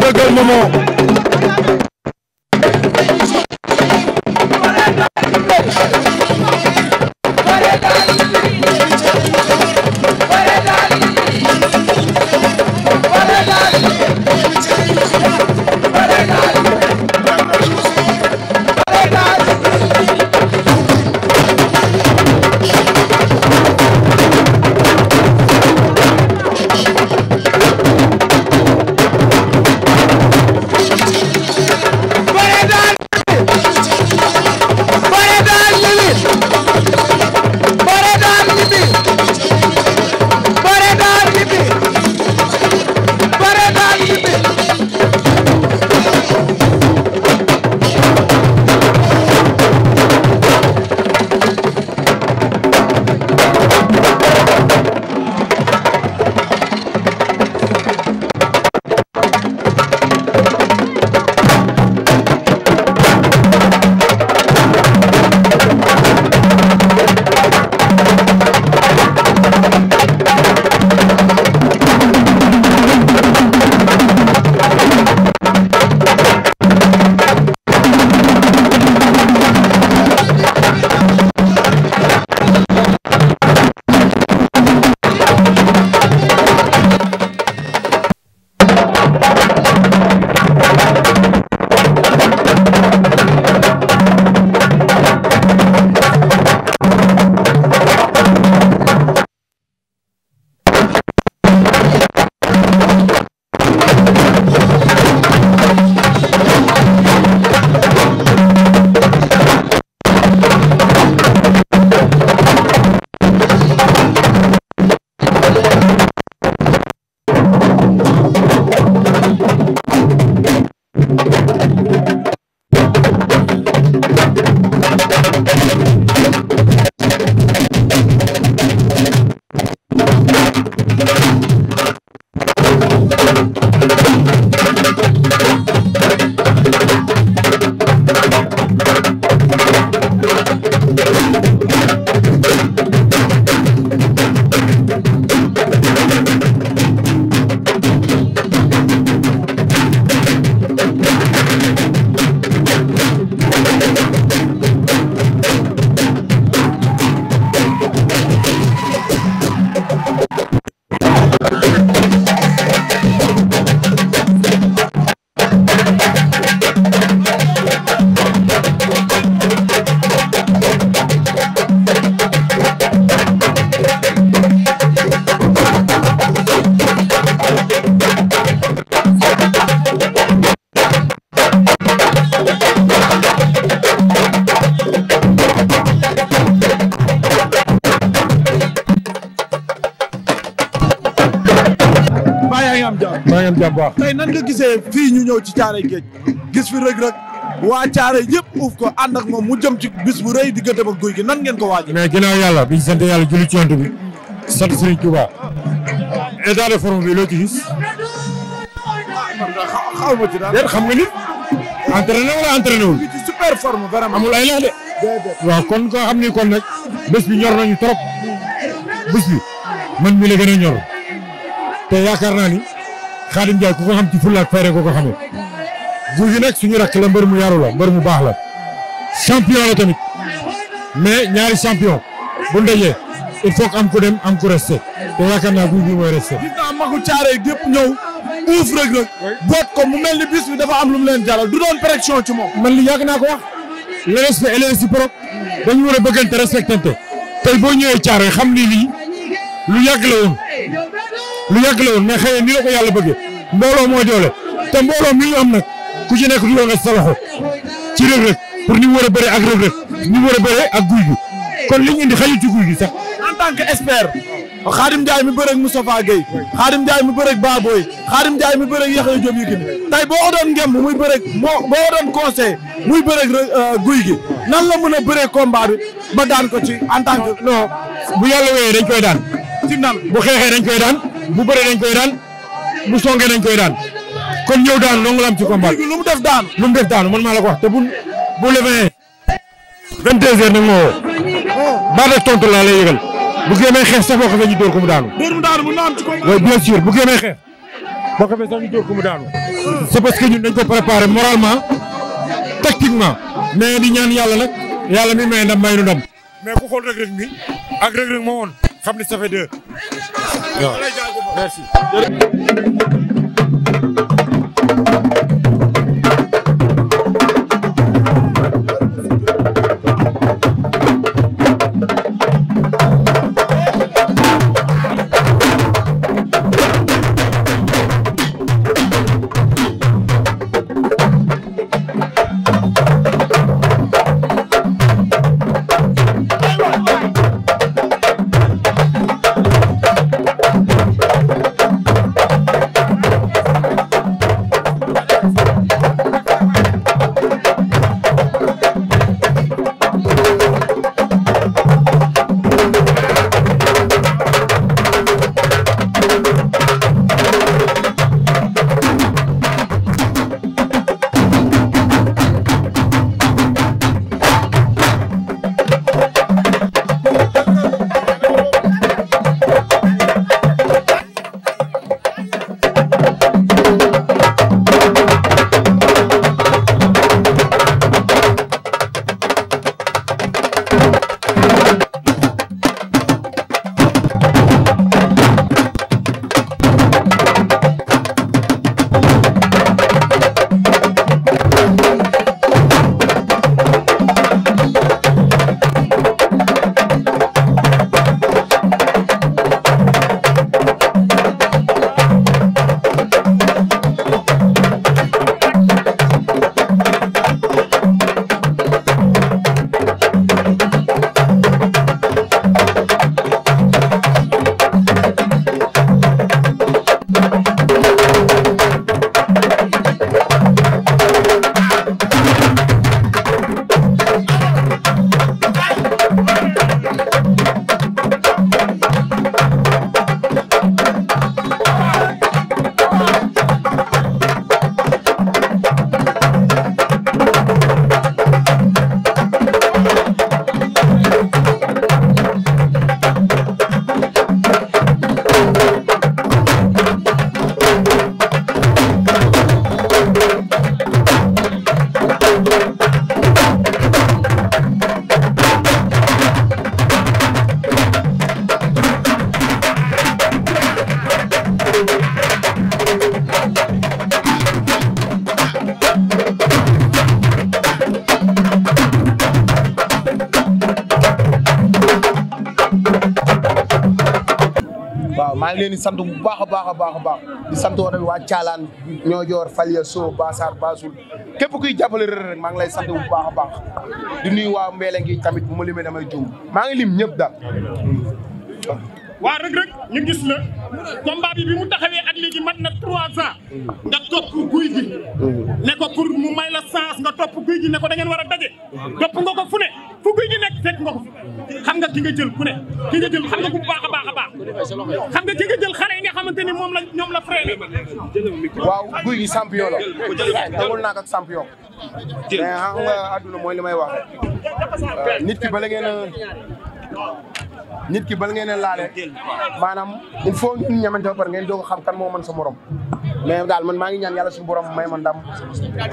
dëggal Momo jàmbaar tey nan nga gisee fii ñu ñëw ci Caaray Géej gis fi Reug Reug waa Caaray yëpp uuf ko ànd ak moom mu jëm ci bis bu rëy diggante ak guy gi nan ngeen ko waajal. mais ginnaaw yàlla bi ñu sant yàlla julli ci yonent bi sant Serigne Touba état de bi loo ci gis. xaw ma ci xam nga nit. entraîné wala entraîné wul. ci super forme vraiment. amul ay lex de. waaw kon koo xam ni kon nag bés bi ñor nañu trop bés bi man mi la ñor te yaakaar naa ni. Xaadim Njaay ku ko xam ci fulla ak fayda ko ko xamee guy rakk la mbër mu yaru la mbër mu baax la champion la tamit mais ñaari champion bu ndajee il faut que am ku dem am ku resté te yaakaar naa guy gi mooy resté. gis naa magu caare gépp ñëw uuf rek rek boot ko mu mel ni bis bi dafa am lu mu leen jaral du doon pression ci moom. man li yàgg naa ko wax le respect et le réciproque dañu war a bëggante respectante tey boo ñëwee caare xam ni lii lu yàgg la lu yàgg la woon mais xëy ni la ko yàlla bëggee mbooloo moo doole te mbooloo mi ñu nag ku ci nekk dugal nga sa ci Reug Reug pour ni mu war a bëree ak Reug Reug ni mu a bëree ak guy gi kon li ñu indi xaju ci guy gi sax. en tant que expert. Xaadim Ndiaye mi bëreeg Moustapha Gueye Xaadim Ndiaye mu bëreeg Baboy Xaadim Ndiaye mi bëreeg Yaxya Diop Yékini tey boo doon ngem muy bëreeg moo boo doon conseil muy bëreeg euh, guy gi nan la mën a bëree combat ba daan ko ci en tant que. non bu yàlla wéyee dañ koy bu bëree dañ koy daan bu songee dañ koy daan kon ñëw daan dong la am ci combat lu mu def daanu lu def daanu man maa la ko bu bu levee vingt deux heures nag woo oh. ba def tontu laa lay yëgal bu gémmee xeex sa boo xefee ñu dóor ko mu daanu waaye bien sûr bu gémmee xeex boo xefee sax ñu dóor ko mu daanu c'est parce que ñun dañ ko préparé moralement tactiquement mais di ñaan yàlla nag yàlla mi may ndam may nu ndam mais ku xool rek rek mi ak rek rek moo woon xam ni ça fait deux merci leen di sant bu baax a baax a baax a baax di sant woon tamit waa Caalaan ñoo joor Falia Sow Basaar Basul képp kuy jàppale Reug Reug maa ngi lay sant bu baax a baax di nuyu waa Mbele tamit bu ma limee damay juum maa ngi lim ñëpp daal. waa Reug Reug ñu gis la combat bi bi mu taxawee république yi mat na trois ans nga topp guy gi ne ko pour mu may la chance nga topp guy gi ne ko da ngeen war a daje topp nga ko fu ne fu guy gi nekk fekk nga ko xam nga ki nga jël ku ne ki nga jël xam nga ko bu baax a baax a baax xam nga ki nga jël xale yi nga xamante ni moom la ñoom la freiné waaw guy gi champion la dagul naak ak champion mais xam nga àdduna mooy li may wax nit ki bala ngeen a nit ki bal ngeen a laale maanaam il faut ñun ñamante ba pare ngeen doog xam kan moo mën sa morom mais daal man maa ngi ñaan yàlla suñu borom may ma ndam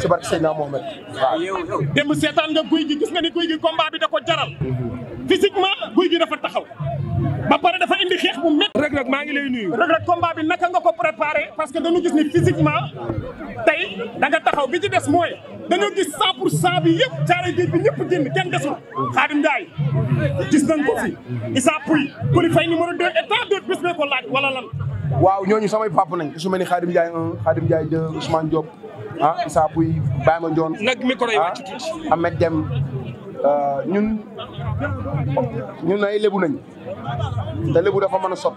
si barke Seydina Mohamed waaw. démb seetaan nga guy gi gis nga ni guy gi combat bi da ko jaral. physiquement guy gi dafa taxaw. ba pare dafa indi xeex bu métti. Reug Reug maa ngi lay nuyu. Reug Reug combat bi naka nga ko préparé parce que dañu gis ni physiquement tey da nga taxaw bi ci des mooy. dañoo gis 100 pour 100 bi yëpp caare géej bi ñëpp génn kenn desul Xaadim Ndiaye gis nañ ko fi Issa Pouye Coly Faye numéro 2 et tant d'autres laaj wala lan. waaw ñooñu samay papa nañ su ma nee Xaadim Ndiaye 1 Xaadim Ndiaye 2 Ousmane Diop ah Issa Pouye Baye Mandione nag micro ah, euh, ñun ñun ay lébu nañ te lébu dafa mën a sot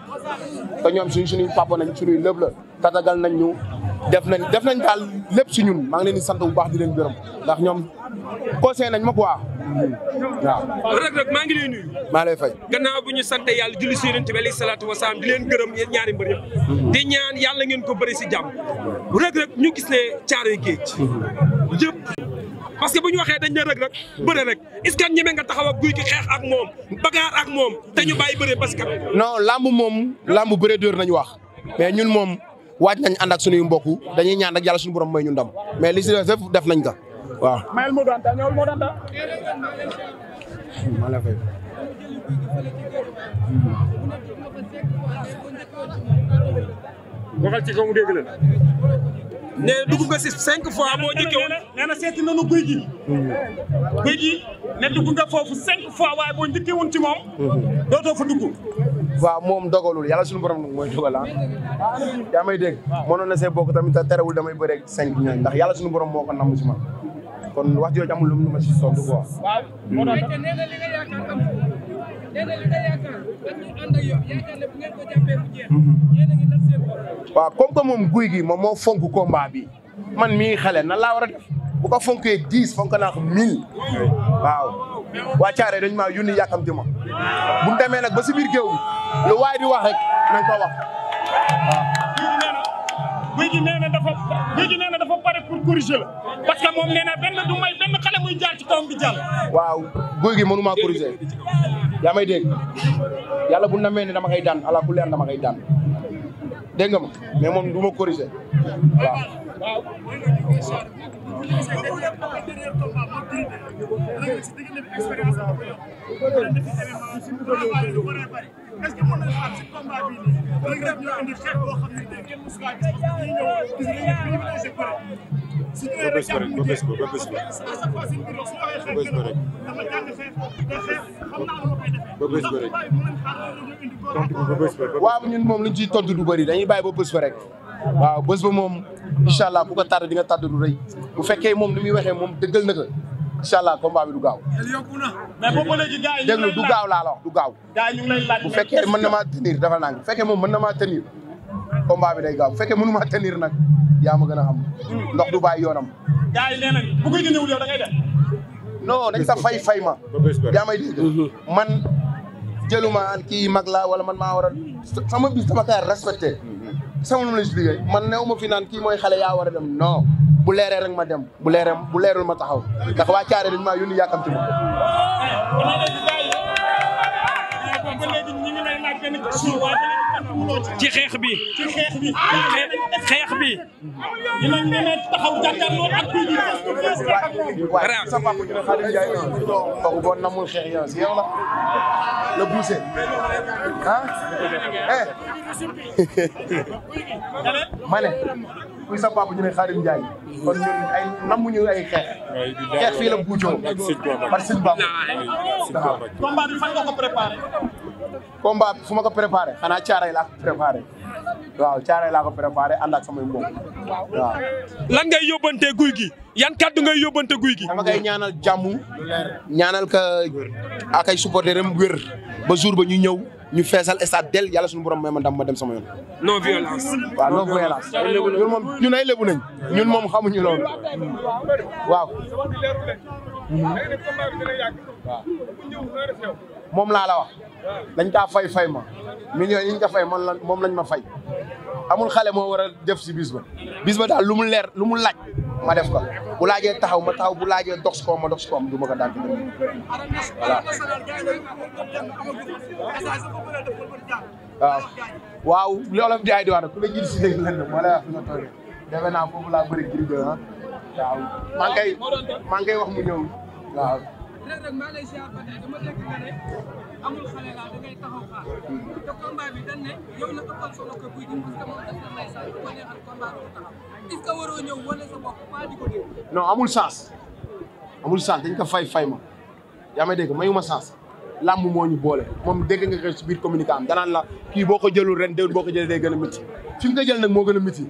te ñoom suñ suñuy papa nañ suñuy lëb la tatagal nañ def nañ def nañ daal lépp si ñun maa ngi leen di sant bu baax di leen gërëm ndax ñoom conseil nañ ma quoi. waaw Reug Reug maa ngi lay nuyu. maa lay fay. gannaaw bu ñu sant yàlla julli si yonent bi alayhi salaatu wa salaam di leen gërëm yéen ñaari mbër yëpp. Mhm. di ñaan yàlla ngeen ko bëri si jàmm. Reug Reug ñu gis ne caaroy géej. Mhm. yëpp parce que bu ñu waxee dañ ne Reug Reug bëre rek est-ce ñeme nga taxaw ak guy ki xeex ak moom bagaar ak moom te ñu bàyyi bëre parce que. non lamb moom lamb bëre dóor nañu wax mais ñun moom. waaj nañ ànd ak suñuy mbokk dañuy ñaan ak yàlla suñu borom may ñu ndam mais li si def def nañ ko waaw. mayel Modou Anta ñëwal Modou Anta. maa la fay. waxal ci mu dégg ne dugg nga si cinq fois boo njëkkee na seeti nañu guy gi. Hmm. guy ne dugg nga foofu cinq fois waaye boo njëkkee woon hmm. dootoo fa dugg. waaw moom dogalul yàlla suñu borom nag mooy dogal ah yaa may dégg mënoon na see bokk tamit te terewul damay bëreeg cinq ñooñu ndax yàlla suñu borom moo ko namm si man kon wax jooju amul lu mu ma si soog quoi waaw moo tax mhm. moom guy gi moom moo fonk combat bi man mii xale na laa war a def bu fonkee dix fonk naa ko mille waaw waa Thiaré dañ maa yónni yàkkamti ma bu demee nag ba si biir géew lu waay di wax rek nañ wax guy gi nee dafa pare pour corriger la parce que moom nee benn du may benn xale muy jaar ci kawam waaw guy gi mënu maa corriger yaa may dégg yàlla bu namee ne dama koy daan ala ku leen dama koy daan dégg nga ma mais moom du ma waaw. waaw ñun moom luñ ciy tontu du bëri dañuy bàyyi ba bés fa rek waaw bés ba moom incha allah ku ko tardé di nga tardé du rëy bu fekkee moom ni muy waxee moom dëggal na ko incha allah combat bi du gaaw. déglu du gaaw laa la wax du gaaw. bu fekkee man na maa tenir dafa nang bu fekkee moom mën na maa tenir combat bi day gaaw bu fekkee mënu maa tenir nag yaa ma gën a xam ndox du bàyyi yoonam. gars yi nee nañ bu koy fay fay ma. yaa mhm. man jëluma kii mag laa wala man maa war a sama bis sama kaar respecté. Mhm. sama moom la si man néew ma fi naan kii mooy xale yaa war a dem non bu leeree rek ma dem bu leeree bu leerul ma taxaw ndax waa Caare dañ maa yónni ti ma ci xeex bi ci xeex bi xeex bi dinañ ñeme taxaw bi di waaw sa xeex yow si la le bousé ah eh kuy sa papa ñu ne jaay kon ñun ay namuñu ay xeex xeex fii la buujoo par sëñ bamba combat bi fan nga ko préparé combat bi fu ma ko préparé xanaa caaray laa ko préparé waaw caaray laa ko préparé ànd ak samay waaw. lan ngay yóbbante guy gi yan kàddu ngay yóbbante guy gi. dama koy ñaanal jàmm ñaanal ka ak ay supporteram wér ba jour ba ñu ñëw ñu feesal stade del yàlla suñu borom may ma dam ma dem sama yoon. non violence. waaw non violence. ñun moom ñun ay lébu nañ ñun moom xamuñu loolu waaw. waaw. moom laa la wax dañ kaa fay fay ma millions yi ñu fay man la moom lañ ma fay amul xale moo war a def si bis ba daal lu mu leer lu mu laaj ma def ko bu laajee taxaw ma taxaw bu laajee dox koom ma dox si koom du ma ko dàgg voilà waaw waaw li olof di ay di wax ku la jiit si dégg lan ma lay fi nga toogee defe naa foofu laa bëri jir ah waaw maa ngi koy maa wax mu ñëw waaw Reug amul xale laa dañ ko amul sens dañ ko fay fay ma yaa may dégg mayuma sens làmb moo ñu boole moom dégg nga ko si biir communiqué am danaan la kii boo ko jëlul ren déwén boo ko jëlee day gën a métti fi nga jël nag moo gën a métti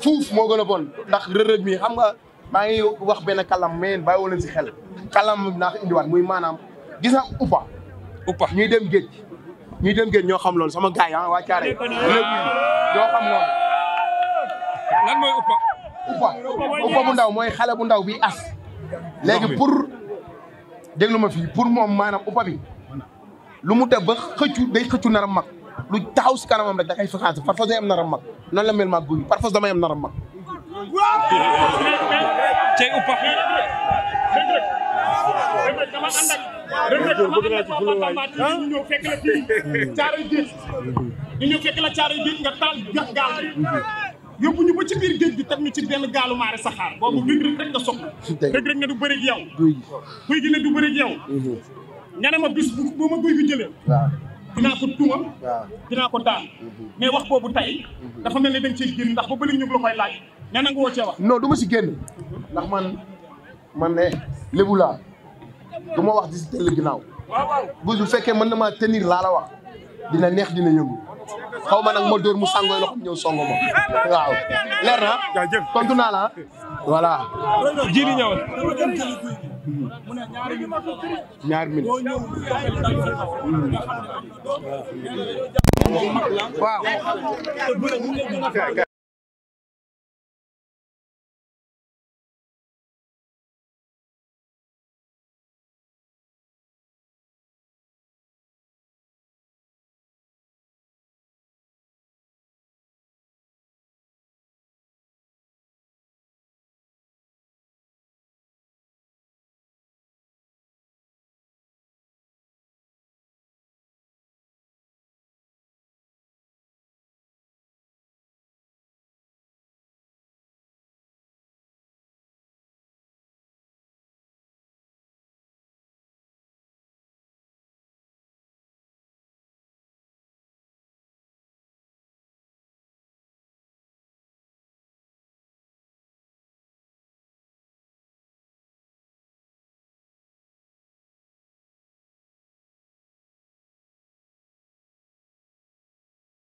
fuuf moo gën a bon ndax Reug Reug mi xam nga maa ngi wax benn kalam mais bàyyi leen si xel kàllaama naa indiwaat muy maanaam gisa nga uppa ñuy dem géej ñuy dem géej ñoo xam loolu sama gars yi ah waa Thiaré ñoo xam loolu. lan mooy uppa. uppa uppa bu ndaw mooy xale bu ndaw bi as. léegi pour déglu ma fii pour moom maanaam uppa bi lu mu def ba xëccu day xëccu nar mag lu taxaw si kanamam rek da kay fexaat par force day am nar a mag noonu la mel guy par damay am nar a mag. cey uppa. Reug Reug Reug Reug dama ànd ak Reug Reug dama ànd ñu ñëw fekk la fii caaray géej nga taal gaal bi yóbbu ñu ba ci biir géej gi teg ñu ci benn gaalu maare saxaar boobu Reug Reug rek nga soxla Reug Reug ne du bëri ak bu guy gi ne du bëri ak yow nga ma bis bu boo ma guy gi jëlee dinaa ko tuuma dinaa ko daan mais wax boobu tey dafa mel ni dañ ciy génn ndax ba bëri ñu ngi la koy laaj ne na nga woo cee wax non du ma si génn ndax man man ne lébu laa du ma wax di si tëll ginnaaw bu su fekkee mën na maa tenir laa dina neex dina yëngu xaw ma nag ma dóor mu sàngooy loxo ñëw songo ma waaw leer na tontu naa la voilà ji ñaar minute waaw